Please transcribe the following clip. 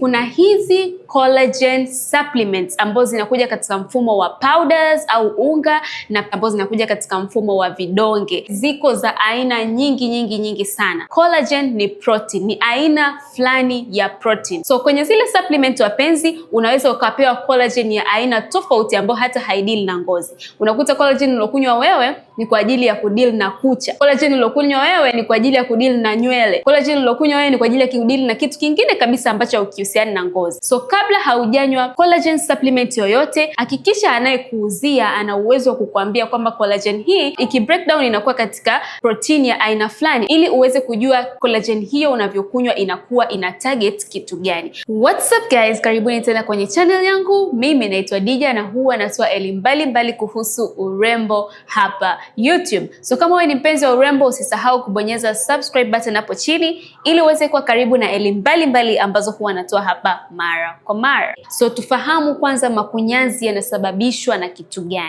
kuna hizi collagen supplements ambazo zinakuja katika mfumo wa powders au unga na ambazo zinakuja katika mfumo wa vidonge. Ziko za aina nyingi nyingi nyingi sana. Collagen ni protein, ni aina fulani ya protein. So kwenye zile supplement wapenzi, unaweza ukapewa collagen ya aina tofauti ambayo hata haidili na ngozi. Unakuta collagen ulokunywa wewe ni kwa ajili ya kudili na kucha. Collagen ulokunywa wewe ni kwa ajili ya kudili na nywele. Collagen ulokunywa wewe ni kwa ajili ya kudili na kitu kingine kabisa ambacho ukiusi kuhusiana na ngozi. So kabla haujanywa collagen supplement yoyote, hakikisha anayekuuzia ana uwezo wa kukuambia kwamba collagen hii iki breakdown inakuwa katika protini ya aina fulani, ili uweze kujua collagen hiyo unavyokunywa inakuwa ina target kitu gani. What's up guys, karibuni tena kwenye channel yangu. Mimi naitwa Dija na huwa natoa elimu mbalimbali kuhusu urembo hapa YouTube. So kama wewe ni mpenzi wa urembo, usisahau kubonyeza subscribe button hapo chini ili uweze kuwa karibu na elimu mbalimbali ambazo huwa natoa kuulizwa hapa mara kwa mara. So tufahamu kwanza makunyanzi yanasababishwa na kitu gani.